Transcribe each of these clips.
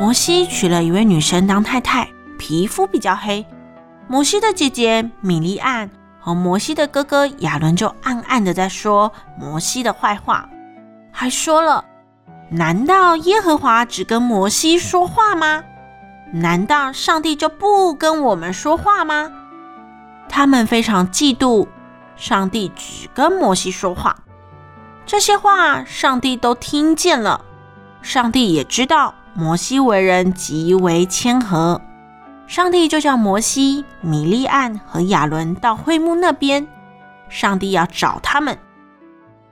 摩西娶了一位女生當太太，皮膚比較黑。摩西的姐姐米利暗和摩西的哥哥亞倫就暗暗的在說摩西的壞話，還說了：“難道耶和華只跟摩西說話嗎？難道上帝就不跟我們說話嗎？”他們非常嫉妒上帝只跟摩西說話。這些話，上帝都聽見了，上帝也知道。摩西為人極為謙和，上帝就叫摩西、米利暗和亞倫到會幕那邊，上帝要找他們。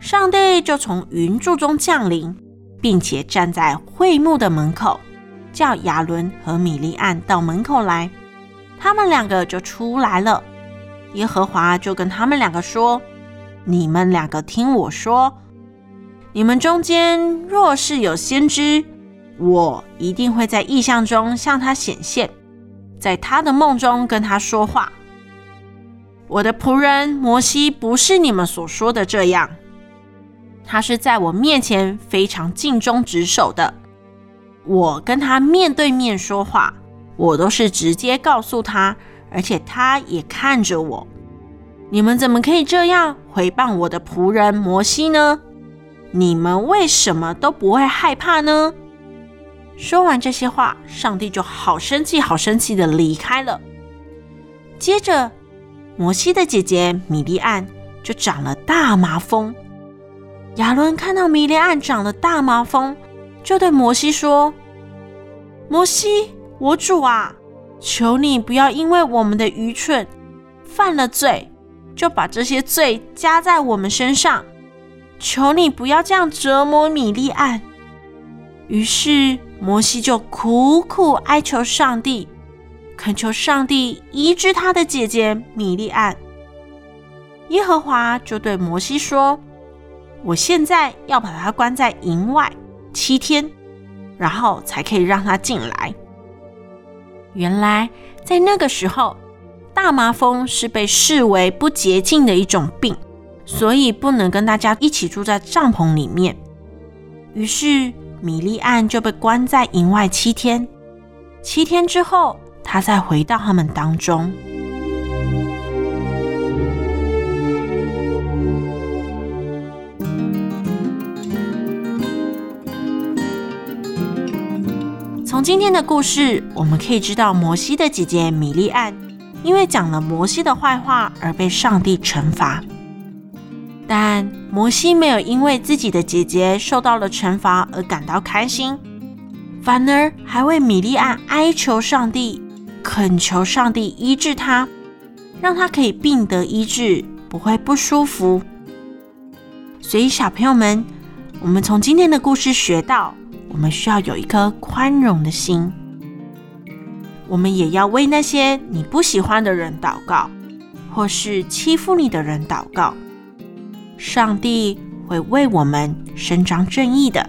上帝就從雲柱中降臨，並且站在會幕的門口，叫亞倫和米利暗到門口來。他們兩個就出來了。耶和華就跟他們兩個說：“你們兩個聽我說，你們中間若是有先知。”我一定會在異象中向他顯現，在他的夢中跟他說話。我的僕人摩西不是你們所說的這樣，他是在我面前非常盡忠職守的。我跟他面對面說話，我都是直接告訴他，而且他也看着我。你們怎麼可以這樣毀謗我的僕人摩西呢？你們為什麼都不會害怕呢？說完這些話，上帝就好生氣、好生氣的離開了。接着，摩西的姐姐米利暗就長了大麻風。亞倫看到米利暗長了大麻風，就對摩西說：“摩西，我主啊，求你不要因為我們的愚蠢犯了罪，就把這些罪加在我們身上。求你不要這樣折磨米利暗。”於是摩西就苦苦哀求上帝，懇求上帝醫治他的姐姐米利暗。耶和華就對摩西說：“我現在要把他關在營外七天，然後才可以讓他進來。”原來在那個時候，大麻風是被視為不潔淨的一種病，所以不能跟大家一起住在帳篷裡面。於是，米利暗就被關在營外七天，七天之後，他再回到他們當中。從今天的故事，我們可以知道，摩西的姐姐米利暗因為講了摩西的壞話，而被上帝懲罰。但摩西沒有因為自己的姐姐受到了懲罰而感到開心，反而還為米利暗哀求上帝，懇求上帝醫治她，讓她可以病得醫治，不會不舒服。所以，小朋友們，我們從今天的故事學到，我們需要有一顆寬容的心。我們也要為那些你不喜歡的人禱告，或是欺負你的人禱告。上帝會為我們伸張正義的。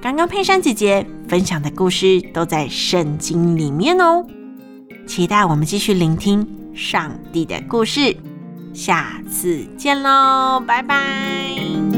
剛剛佩珊姐姐分享的故事都在聖經裡面哦，期待我們繼續聆聽上帝的故事，下次見嘍，拜拜。